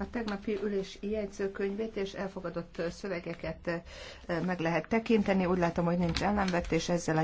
A tegnapi ülés jegyzőkönyvét és elfogadott szövegeket eh, meg lehet tekinteni. Úgy látom, hogy nincs ellenvetés ezzel a